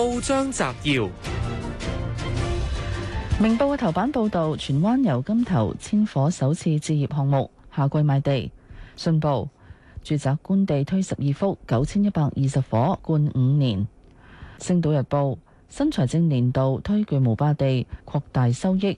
報章摘要：明報嘅頭版報道，荃灣油柑頭千伙首次置業項目下季賣地；信報住宅官地推十二幅，九千一百二十伙，冠五年。星島日報新財政年度推巨無霸地，擴大收益。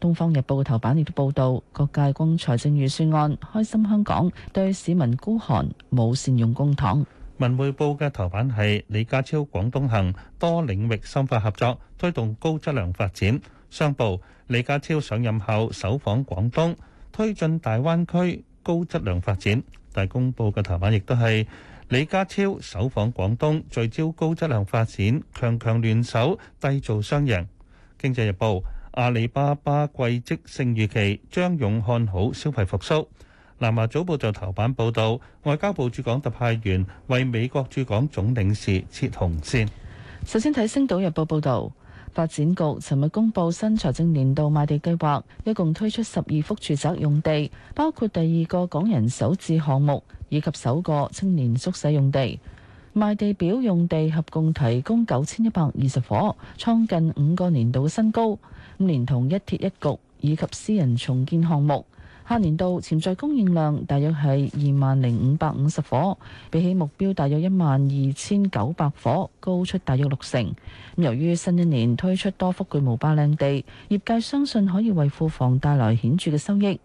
東方日報嘅頭版亦都報道，各界攻財政預算案，開心香港對市民孤寒，冇善用公帑。文匯報嘅頭版係李家超廣東行，多領域深化合作，推動高質量發展。商報李家超上任後首訪廣東，推進大灣區高質量發展。大公報嘅頭版亦都係李家超首訪廣東，聚焦高質量發展，強強聯手，締造雙贏。經濟日報阿里巴巴季績勝預期，張勇看好消費復蘇。南華早報就頭版報導，外交部駐港特派員為美國駐港總領事設紅線。首先睇《星島日報》報導，發展局尋日公布新財政年度賣地計劃，一共推出十二幅住宅用地，包括第二個港人首置項目以及首個青年宿舍用地。賣地表用地合共提供九千一百二十伙，創近五個年度新高。咁連同一鐵一局以及私人重建項目，跨年度潛在供應量大約係二萬零五百五十伙，比起目標大約一萬二千九百伙，高出大約六成。由於新一年推出多幅巨無霸靚地，業界相信可以為庫房帶來顯著嘅收益。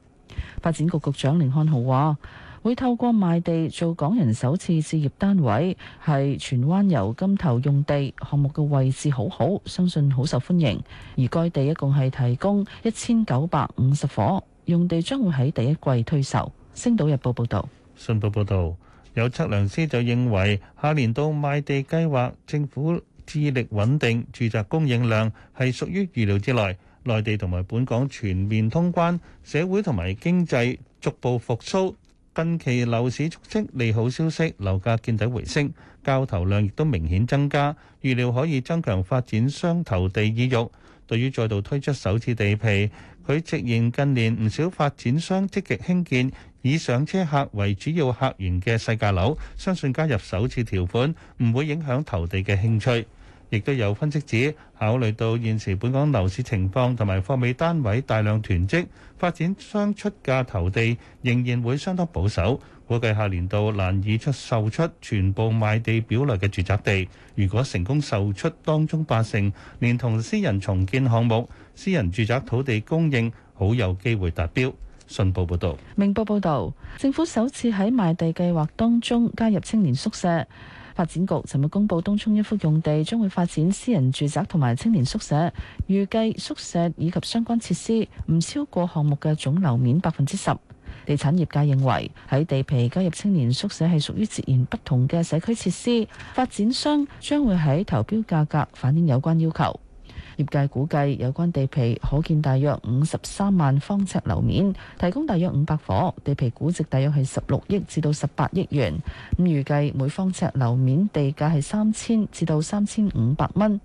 發展局局長甯漢豪話，會透過賣地做港人首次置業單位，係荃灣油柑頭用地項目嘅位置好好，相信好受歡迎。而該地一共係提供一千九百五十伙。用地將會喺第一季推售。星島日報報道。信報報道，有測量師就認為，下年度賣地計劃，政府致力穩定住宅供應量，係屬於預料之內。內地同埋本港全面通關，社會同埋經濟逐步復甦，近期樓市充斥利好消息，樓價見底回升，交投量亦都明顯增加，預料可以增強發展商投地意欲。對於再度推出首次地皮，佢直言近年唔少發展商積極興建以上車客為主要客源嘅細價樓，相信加入首次條款唔會影響投地嘅興趣。亦都有分析指，考慮到現時本港樓市情況同埋貨尾單位大量囤積，發展商出價投地仍然會相當保守。估計下年度難以出售出全部賣地表內嘅住宅地，如果成功售出當中八成，連同私人重建項目，私人住宅土地供應好有機會達標。信報報道。明報報道，政府首次喺賣地計劃當中加入青年宿舍。發展局尋日公布東涌一幅用地將會發展私人住宅同埋青年宿舍，預計宿舍以及相關設施唔超過項目嘅總樓面百分之十。地產業界認為喺地皮加入青年宿舍係屬於截然不同嘅社區設施，發展商將會喺投標價格反映有關要求。業界估計有關地皮可建大約五十三萬方尺樓面，提供大約五百伙，地皮估值大約係十六億至到十八億元。咁預計每方尺樓面地價係三千至到三千五百蚊。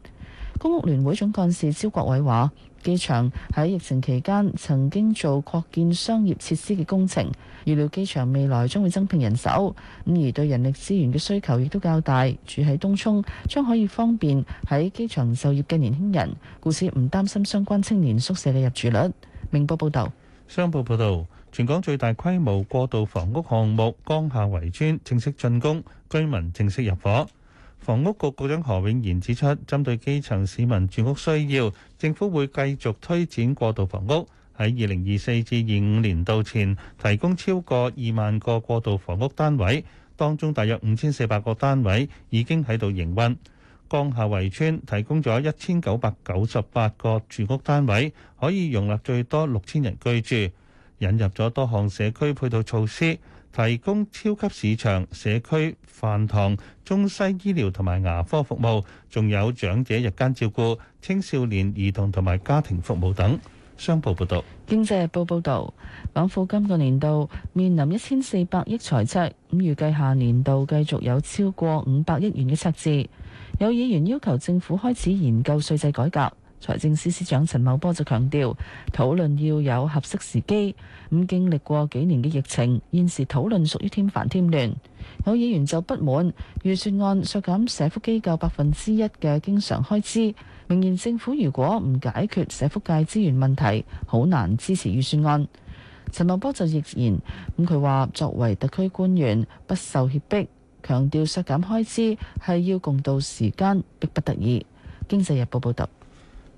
公屋聯會總幹事招國偉話，機場喺疫情期間曾經做擴建商業設施嘅工程，預料機場未來將會增聘人手，咁而對人力資源嘅需求亦都較大。住喺東涌將可以方便喺機場就業嘅年輕人，故此唔擔心相關青年宿舍嘅入住率。明報報導，商報報導，全港最大規模過渡房屋項目江夏圍村正式進攻，居民正式入伙。房屋局局長何永賢指出，針對基層市民住屋需要，政府會繼續推展過渡房屋，喺二零二四至二五年度前提供超過二萬個過渡房屋單位，當中大約五千四百個單位已經喺度營運。江夏圍村提供咗一千九百九十八個住屋單位，可以容納最多六千人居住，引入咗多項社區配套措施。提供超級市場、社區飯堂、中西醫療同埋牙科服務，仲有長者日間照顧、青少年兒童同埋家庭服務等。商報報導，《經濟日報》報道，港府今個年度面臨一千四百億財赤，咁預計下年度繼續有超過五百億元嘅赤字。有議員要求政府開始研究稅制改革。財政司司長陳茂波就強調，討論要有合適時機。咁經歷過幾年嘅疫情，現時討論屬於添煩添亂。有議員就不滿預算案削減社福機構百分之一嘅經常開支，明言政府如果唔解決社福界資源問題，好難支持預算案。陳茂波就亦言咁，佢話作為特區官員不受脅迫，強調削減開支係要共度時間，迫不得已。經濟日報報道。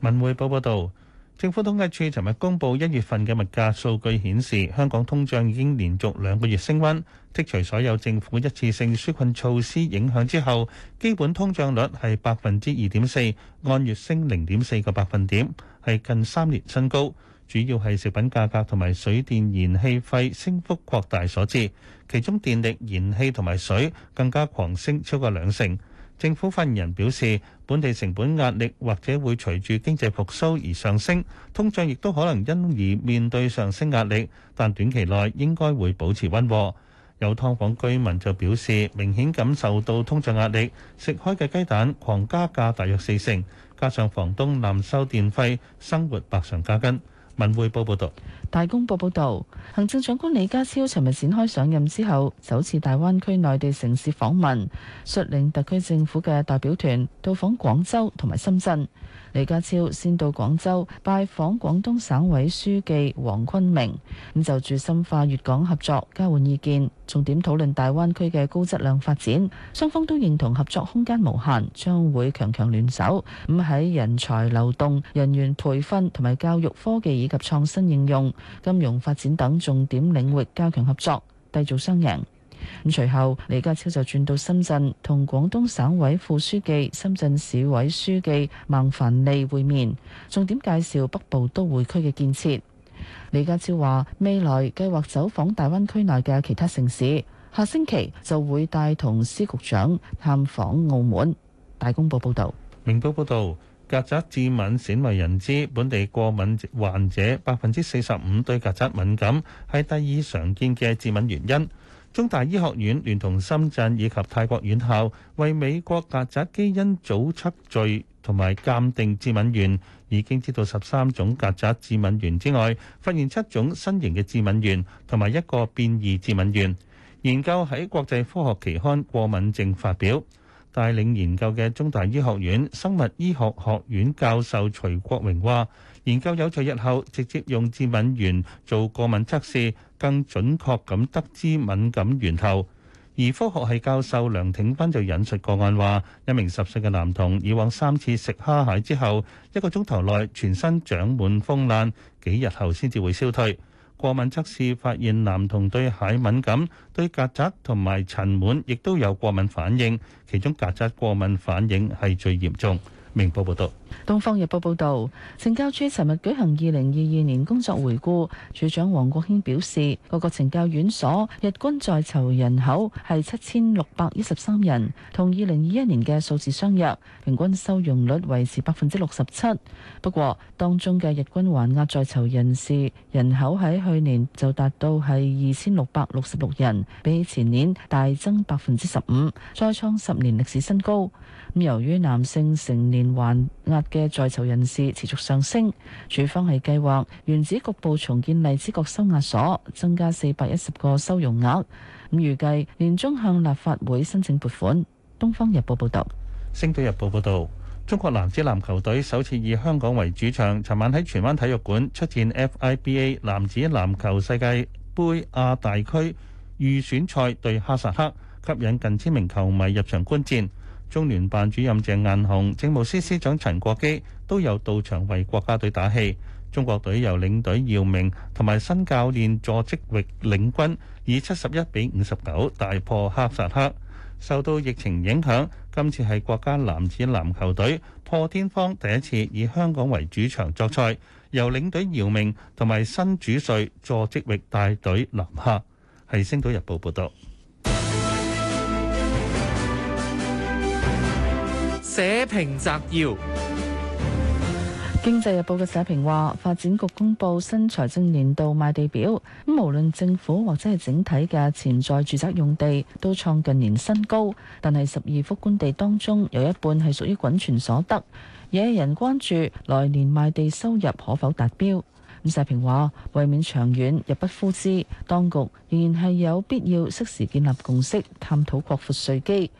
文匯報報道，政府統計處尋日公布一月份嘅物價數據顯示，香港通脹已經連續兩個月升溫。剔除所有政府一次性紓困措施影響之後，基本通脹率係百分之二點四，按月升零點四個百分點，係近三月新高。主要係食品價格同埋水電燃氣費升幅擴大所致，其中電力、燃氣同埋水更加狂升超過兩成。政府發言人表示，本地成本壓力或者會隨住經濟復甦而上升，通脹亦都可能因而面對上升壓力，但短期內應該會保持溫和。有劏房居民就表示，明顯感受到通脹壓力，食開嘅雞蛋狂加價大約四成，加上房東濫收電費，生活百上加斤。文匯報報道，大公報報道，行政長官李家超尋日展開上任之後首次大灣區內地城市訪問，率領特區政府嘅代表團到訪廣州同埋深圳。李家超先到廣州拜訪廣東省委書記黃坤明，咁就住深化粵港合作，交換意見，重點討論大灣區嘅高質量發展。雙方都認同合作空間無限，將會強強聯手咁喺人才流動、人員培訓同埋教育、科技以及創新應用、金融發展等重點領域加強合作，締造雙贏。咁隨後，李家超就轉到深圳，同廣東省委副書記、深圳市委書記孟凡利會面，重點介紹北部都會區嘅建設。李家超話，未來計劃走訪大灣區內嘅其他城市，下星期就會帶同司局長探訪澳門。大公報報道。明報報道。曱甴致敏鮮為人知，本地過敏患者百分之四十五對曱甴敏感，係第二常見嘅致敏原因。中大醫學院聯同深圳以及泰國院校，為美國曱甴基因組測序同埋鑑定致敏原，已經知道十三種曱甴致敏原之外，發現七種新型嘅致敏原，同埋一個變異致敏原。研究喺國際科學期刊《過敏症》發表。帶領研究嘅中大醫學院生物醫學學院教授徐國榮話：，研究有助日後直接用致敏原做過敏測試，更準確咁得知敏感源頭。而科學系教授梁挺斌就引述個案話：，一名十歲嘅男童以往三次食蝦蟹之後，一個鐘頭內全身長滿風癩，幾日後先至會消退。過敏測試發現，男童對蟹敏感，對曱甴同埋塵蟎亦都有過敏反應，其中曱甴過敏反應係最嚴重。明報報道，東方日報報道，懲教處尋日舉行二零二二年工作回顧，處長黃國興表示，各個懲教院所日均在囚人口係七千六百一十三人，同二零二一年嘅數字相若，平均收容率維持百分之六十七。不過，當中嘅日均還押在囚人士人口喺去年就達到係二千六百六十六人，比起前年大增百分之十五，再創十年歷史新高。咁由於男性成年還押嘅在囚人士持續上升，處方係計劃，原址局部重建荔枝角收押所，增加四百一十個收容額。咁預計年中向立法會申請撥款。東方日報報道，星島日報報道，中國男子籃球隊首次以香港為主場，尋晚喺荃灣體育館出戰 FIBA 男子籃球世界杯亞大區預選賽對哈薩克，吸引近千名球迷入場觀戰。中聯辦主任鄭雁雄、政務司司長陳國基都有到場為國家隊打氣。中國隊由領隊姚明同埋新教練助職域領軍以，以七十一比五十九大破哈薩克。受到疫情影響，今次係國家男子籃球隊破天荒第一次以香港為主場作賽，由領隊姚明同埋新主帥助職域帶隊南下。係《星島日報》報道。社評摘要：經濟日報嘅社評話，發展局公布新財政年度賣地表，咁無論政府或者係整體嘅潛在住宅用地都創近年新高。但係十二幅官地當中有一半係屬於滾存所得，惹人關注來年賣地收入可否達標？咁社評話，為免長遠入不敷支，當局仍然係有必要適時建立共識，探討擴闊稅基。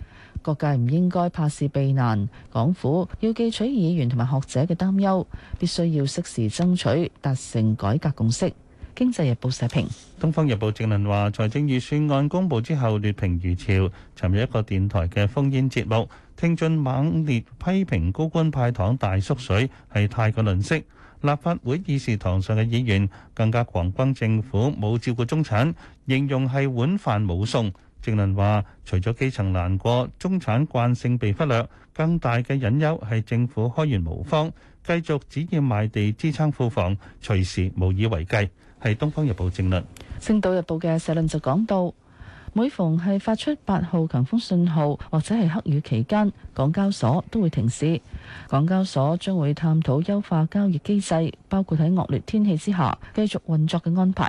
各界唔應該怕事避難，港府要記取議員同埋學者嘅擔憂，必須要適時爭取達成改革共識。經濟日報社評。東方日報正論話，財政預算案公布之後劣評如潮。尋日一個電台嘅烽煙節目，聽盡猛烈批評高官派糖大縮水係太過吝嗇，立法會議事堂上嘅議員更加狂轟政府冇照顧中產，形容係碗飯冇餸。正論話：除咗基層難過，中產慣性被忽略，更大嘅隱憂係政府開源無方，繼續只要賣地支撐庫房，隨時無以為繼。係《東方日報》正論。《星島日報》嘅社論就講到，每逢係發出八號強風信號或者係黑雨期間，港交所都會停市。港交所將會探討優化交易機制，包括喺惡劣天氣之下繼續運作嘅安排。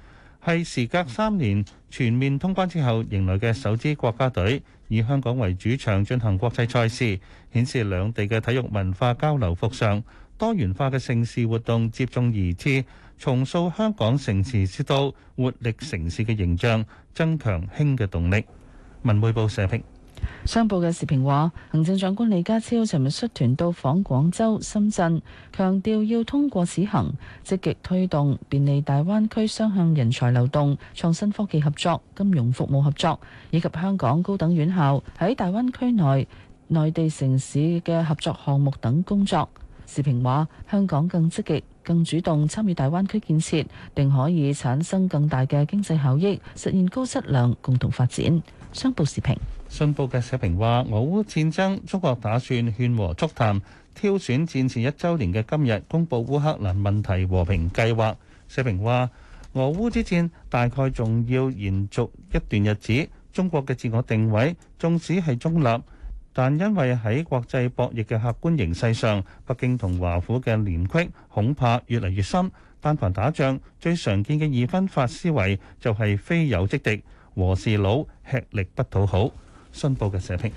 係時隔三年全面通關之後，迎來嘅首支國家隊以香港為主場進行國際賽事，顯示兩地嘅體育文化交流復常、多元化嘅盛事活動接踵而至，重塑香港盛事之都、活力城市嘅形象，增強興嘅動力。文匯報社評。商報嘅時評話，行政長官李家超尋日率團到訪廣州、深圳，強調要通過此行積極推動便利大灣區雙向人才流動、創新科技合作、金融服務合作以及香港高等院校喺大灣區內內地城市嘅合作項目等工作。時評話，香港更積極、更主動參與大灣區建設，定可以產生更大嘅經濟效益，實現高質量共同發展。商報時評。信報嘅社評話：俄烏戰爭，中國打算勸和促談，挑選戰前一週年嘅今日公佈烏克蘭問題和平計劃。社評話：俄烏之戰大概仲要延續一段日子。中國嘅自我定位，縱使係中立，但因為喺國際博弈嘅客觀形勢上，北京同華府嘅聯繫恐怕越嚟越深。但凡打仗最常見嘅二分法思維就係非友即敵，和事佬吃力不討好。信報嘅社評。